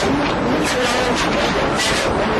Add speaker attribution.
Speaker 1: 我们出来了，我们出来了。